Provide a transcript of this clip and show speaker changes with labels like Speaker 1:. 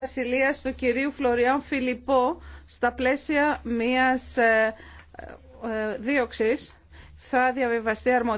Speaker 1: Βασιλεία του κυρίου Φλωριάν Φιλιππό στα πλαίσια μιας ε, ε, ε, δίωξης θα διαβιβαστεί αρμοδιότητα